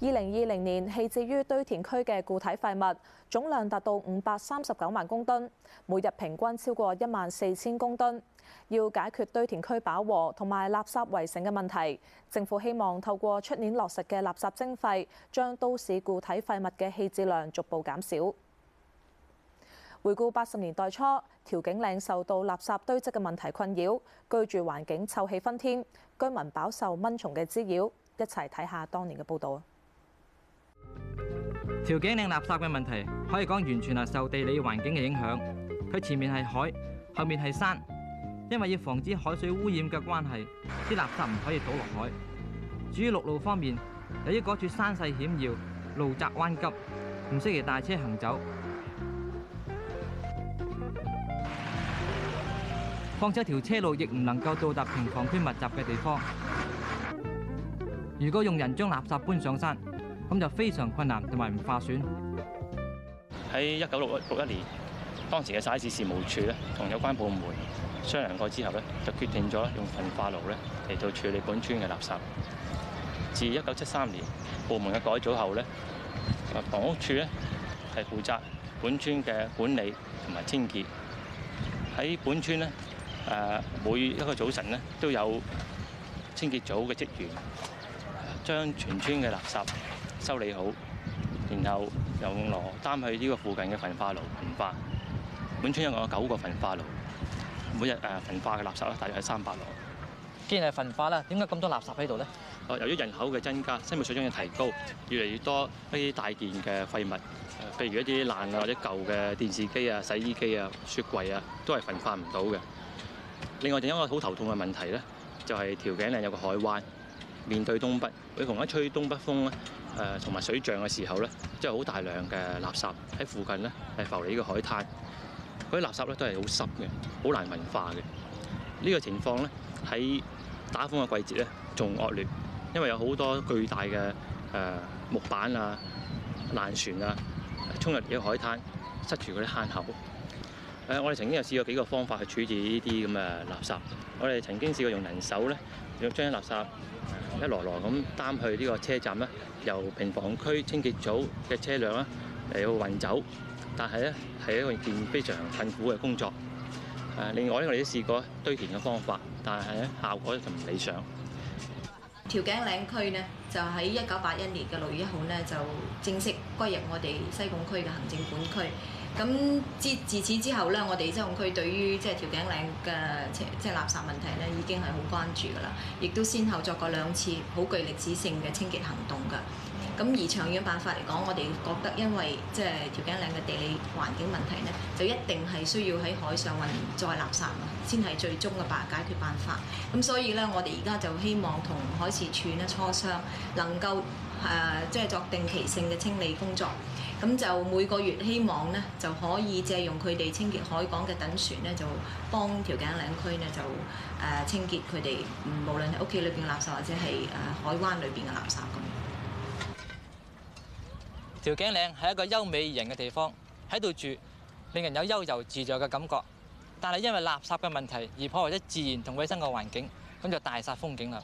二零二零年棄置於堆填區嘅固體廢物總量達到五百三十九萬公噸，每日平均超過一萬四千公噸。要解決堆填區飽和同埋垃圾圍城嘅問題，政府希望透過出年落實嘅垃圾徵費，將都市固體廢物嘅棄置量逐步減少。回顧八十年代初，調景嶺受到垃圾堆積嘅問題困擾，居住環境臭氣熏天，居民飽受蚊蟲嘅滋擾。一齊睇下當年嘅報導。調景嶺垃圾嘅問題，可以講完全係受地理環境嘅影響。佢前面係海，後面係山，因為要防止海水污染嘅關係，啲垃圾唔可以倒落海。至於陸路方面，由於嗰處山勢險要，路窄彎急，唔適宜大車行走。況且條車路亦唔能夠到達平房區密集嘅地方。如果用人將垃圾搬上山，咁就非常困難同埋唔划算。喺一九六一六一年，當時嘅徙置事務處咧，同有關部門商量過之後咧，就決定咗用焚化爐咧嚟到處理本村嘅垃圾。自一九七三年部門嘅改組後咧，房屋處咧係負責本村嘅管理同埋清潔。喺本村咧，誒每一個早晨咧都有清潔組嘅職員將全村嘅垃圾，修理好，然後又攞擔去呢個附近嘅焚化爐焚化。本村有我九個焚化爐，每日誒焚化嘅垃圾咧，大概係三百噚。既然係焚化啦，點解咁多垃圾喺度咧？誒，由於人口嘅增加，生活水準嘅提高，越嚟越多一啲大件嘅廢物，譬如一啲爛啊或者舊嘅電視機啊、洗衣機啊、雪櫃啊，都係焚化唔到嘅。另外仲有個好頭痛嘅問題咧，就係調景嶺有個海灣面對東北，每逢一吹東北風咧。誒同埋水漲嘅時候咧，即係好大量嘅垃圾喺附近咧，係浮嚟呢個海灘。嗰啲垃圾咧都係好濕嘅，好難焚化嘅。呢、呢個情況咧喺打風嘅季節咧仲惡劣，因為有好多巨大嘅誒、呃、木板啊、爛船啊沖入呢個海灘，塞住嗰啲坑口。誒、啊，我哋曾經有試過幾個方法去處置呢啲咁嘅垃圾。我哋曾經試過用人手咧，要將啲垃圾一籮籮咁擔去呢個車站咧，由平房區清潔組嘅車輛咧嚟到運走。但係咧，係一個件非常辛苦嘅工作。誒、啊，另外咧，我哋都試過堆填嘅方法，但係咧，效果就唔理想。調景嶺區呢，就喺一九八一年嘅六月一號呢，就正式歸入我哋西貢區嘅行政管區。咁之至此之後呢，我哋西貢區對於即係調景嶺嘅即係垃圾問題呢，已經係好關注㗎啦，亦都先後作過兩次好具歷史性嘅清潔行動㗎。咁而長遠嘅辦法嚟講，我哋覺得因為即係調景嶺嘅地理環境問題咧，就一定係需要喺海上運載垃圾啊，先係最終嘅辦解決辦法。咁所以咧，我哋而家就希望同海事處咧磋商，能夠誒即係作定期性嘅清理工作。咁就每個月希望咧就可以借用佢哋清潔海港嘅等船咧，就幫調景嶺區咧就誒清潔佢哋，無論係屋企裏邊嘅垃圾或者係誒海灣裏邊嘅垃圾咁。調景嶺係一個優美怡人嘅地方，喺度住令人有悠游自在嘅感覺，但係因為垃圾嘅問題而破壞咗自然同衛生嘅環境，咁就大煞風景啦。